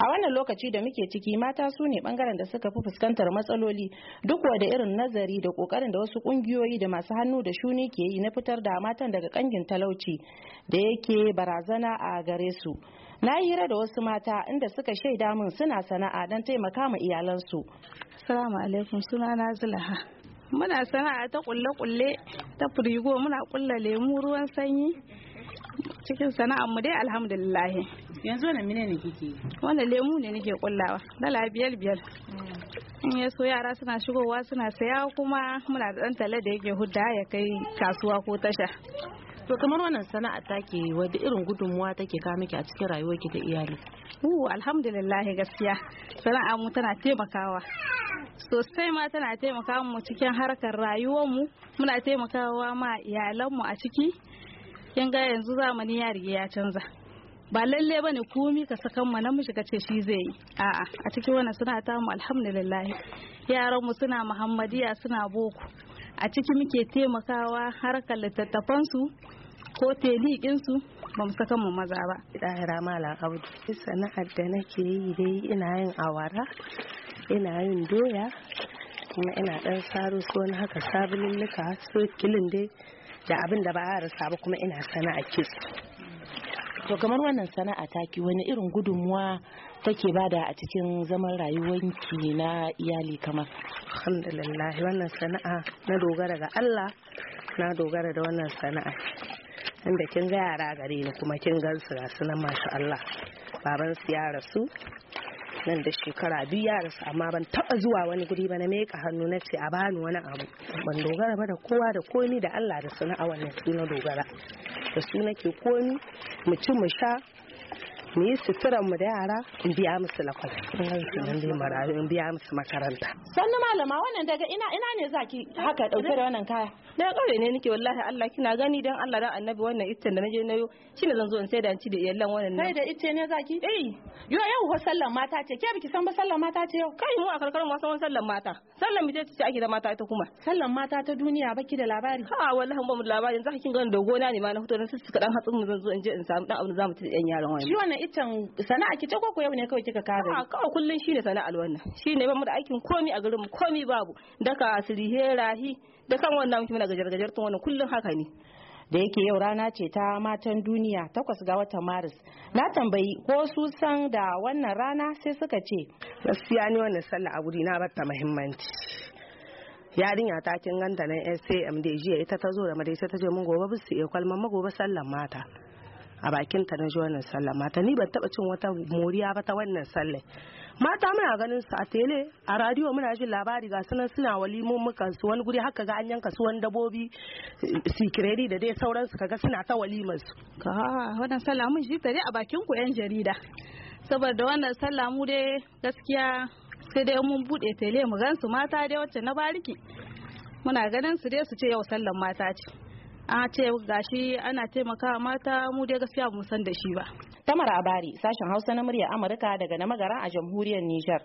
a wannan lokaci da muke ciki mata su ne bangaren da suka fi fuskantar matsaloli duk da irin nazari da kokarin da wasu kungiyoyi da masu hannu da shuni ke yi na fitar da matan daga kangin talauci da yake barazana a gare su na yi hira da wasu mata inda suka shaida min suna sana'a don taimaka ma iyalansu salamu alaikum suna na zulaha muna sana'a ta kulle-kulle ta firigo muna kulle lemu ruwan sanyi cikin sana'a, mu dai alhamdulillah yanzu wani mine ne kike yi lemu ne nake kullawa dala biyar biyar in ya so yara suna shigowa suna saya kuma muna da dan tale da yake hudda ya kai kasuwa ko tasha to kamar wannan sana'a take wadda irin gudunmuwa take ka miki a cikin rayuwarki da iyali uh alhamdulillah gaskiya sana'a mu tana taimakawa sosai ma tana taimakawa mu cikin harkar rayuwar mu muna taimakawa ma iyalan mu a ciki kin ga yanzu zamani ya rige ya canza ba lalle ba ne komi ka sakan mu namiji ka kace shi zai yi a'a a cikin wannan suna ta mu alhamdulillah yaran mu suna muhammadiya suna boko a cikin muke taimakawa harkar littattafan su ko telikin su ba mu sakan mu maza ba dahira malam sana'ar da nake yi dai ina yin awara ina yin doya kuma ina dan saro su wani haka sabulin nika so kilin dai da abin da ba a rasa ba kuma ina sana'a kitso to kamar wannan sana'a taki wani irin gudunmuwa take bada a cikin zaman rayuwanki na iyali kamar alhamdulillah wannan sana'a na dogara ga Allah na dogara da wannan sana'a inda kin ga yara gare ni kuma kin gansu ga su masha Allah baban su ya rasu nan da shekara biyu ya rasu amma ban taba zuwa wani guri ba na meka hannu na ce a bani wani abu ban dogara ba da kowa da komi da Allah da sana'a wannan su dogara da su nake komi mu ci mu sha mu yi suturan mu da yara in biya musu lakwal in biya musu makaranta sannu malama wannan daga ina ina ne zaki haka dauke da wannan kaya daga kauye ne nake wallahi Allah kina gani dan Allah dan annabi wannan itten da naje nayo shine zan zo in sai da ci da iyallan wannan sai da itte ne zaki eh yo yau ho sallan mata ce ke biki san ba sallan mata ce yau kai mu a karkar mu san sallan mata sallan mu ce ake da mata ita kuma sallan mata ta duniya baki da labari ha wallahi ba mu labarin yanzu kin gani da gona ne ma na hoto na sussuka dan hatsin mu zan zo in je in samu dan abin zamu ci da yan yaron wannan itan sana'a ki ce ko ko yau ne kawai kika kare. a kawai kullun shine sana'ar wannan shine ba mu da aikin komi a garin mu komi babu daka asiri rahi da kan wannan mutum na gajar gajar tun wannan kullun haka ne da yake yau rana ce ta matan duniya takwas ga watan maris na tambayi ko su san da wannan rana sai suka ce gaskiya ne wannan sallah a wuri na bata muhimmanci yarinya ta kin ganta na SAM da jiya ita ta zo da madaisa ta je mun gobe bisu e kwalman magoba sallan mata a bakin ta na ji wannan sallah mata ni ban taba cin wata moriya ba ta wannan sallah mata muna ganin su a tele a radio muna jin labari ga sunan suna walimun su wani guri haka ga an yanka su wani dabobi sikireri da dai sauransu kaga suna ta walimar su ka wannan sallah mun ji ta a bakin ku yan jarida saboda wannan sallah mu dai gaskiya sai dai mun bude tele mu gan su mata dai wacce na bariki muna ganin su dai su ce yau sallan mata ce a ce gashi ana taimaka mata mu dai gaskiya mu san da shi ba. Tamara Abari sashen Hausa na murya Amurka daga na magara a jamhuriyar Nijar.